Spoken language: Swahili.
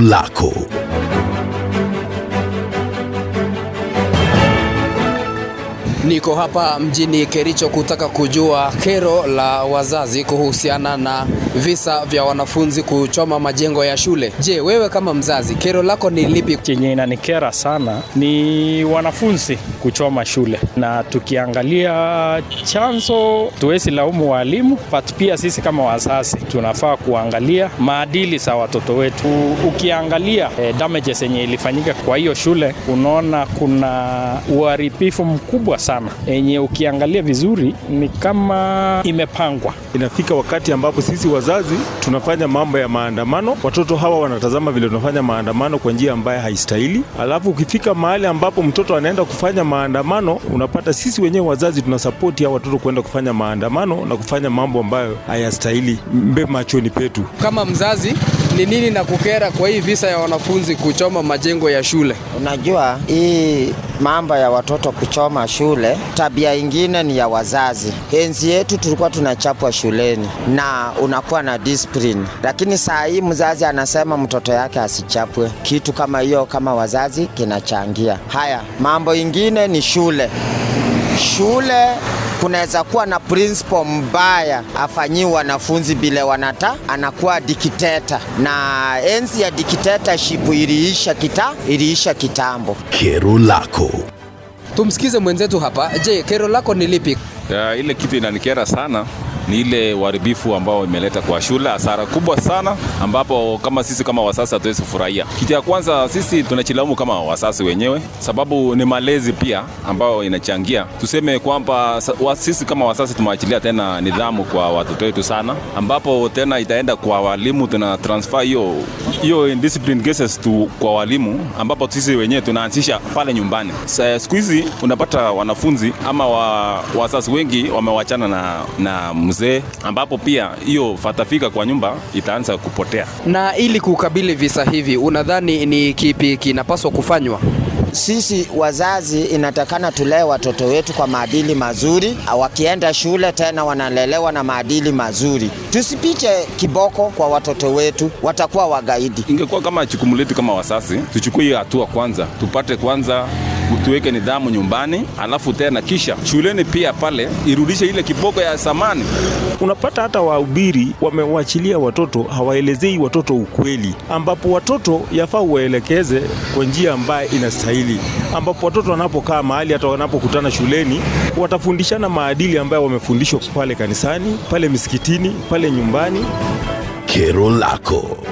laco. Niko hapa mjini Kericho kutaka kujua kero la wazazi kuhusiana na visa vya wanafunzi kuchoma majengo ya shule. Je, wewe kama mzazi kero lako ni lipi? Chenye inanikera sana ni wanafunzi kuchoma shule, na tukiangalia chanzo, tuwezi laumu walimu, but pia sisi kama wazazi tunafaa kuangalia maadili za watoto wetu. Ukiangalia eh, damages yenye ilifanyika kwa hiyo shule, unaona kuna uharibifu mkubwa sana sana yenye ukiangalia vizuri ni kama imepangwa. Inafika wakati ambapo sisi wazazi tunafanya mambo ya maandamano, watoto hawa wanatazama vile tunafanya maandamano kwa njia ambayo haistahili. Alafu ukifika mahali ambapo mtoto anaenda kufanya maandamano, unapata sisi wenyewe wazazi tunasapoti hawa watoto kuenda kufanya maandamano na kufanya mambo ambayo hayastahili mbe machoni petu kama mzazi ni nini na kukera kwa hii visa ya wanafunzi kuchoma majengo ya shule? Unajua hii mambo ya watoto kuchoma shule, tabia ingine ni ya wazazi. Enzi yetu tulikuwa tunachapwa shuleni na unakuwa na discipline, lakini saa hii mzazi anasema mtoto yake asichapwe. Kitu kama hiyo, kama wazazi, kinachangia haya mambo. Ingine ni shule shule kunaweza kuwa na principal mbaya afanyii wanafunzi bila wanata, anakuwa dikiteta na enzi ya dikitetaship iliisha kita, iliisha kitambo. Kero lako tumsikize mwenzetu hapa. Je, kero lako ni lipi? ile kitu inanikera sana ni ile uharibifu ambao imeleta kwa shule, hasara kubwa sana, ambapo kama sisi kama wasasi hatuwezi kufurahia. Kitu ya kwanza sisi tunachilaumu kama wasasi wenyewe, sababu ni malezi pia ambayo inachangia. Tuseme kwamba sisi kama wasasi tumewachilia tena nidhamu kwa watoto wetu sana, ambapo tena itaenda kwa walimu, tuna transfer hiyo hiyo discipline cases tu kwa walimu, ambapo sisi wenyewe tunaanzisha pale nyumbani. Siku hizi unapata wanafunzi ama wa, wasasi wengi wamewachana na, na mzee, ambapo pia hiyo fatafika kwa nyumba itaanza kupotea. Na ili kukabili visa hivi, unadhani ni kipi kinapaswa kufanywa? Sisi wazazi inatakana tulee watoto wetu kwa maadili mazuri. Wakienda shule tena wanalelewa na maadili mazuri, tusipiche kiboko kwa watoto wetu, watakuwa wagaidi. Ingekuwa kama jukumu letu kama wazazi, tuchukue hatua kwanza, tupate kwanza utuweke nidhamu nyumbani, alafu tena kisha shuleni pia pale irudishe ile kiboko ya zamani. Unapata hata wahubiri wamewachilia watoto, hawaelezei watoto ukweli, ambapo watoto yafaa uwaelekeze kwa njia ambayo inastahili, ambapo watoto wanapokaa mahali, hata wanapokutana shuleni, watafundishana maadili ambayo wamefundishwa pale kanisani, pale misikitini, pale nyumbani. Kero lako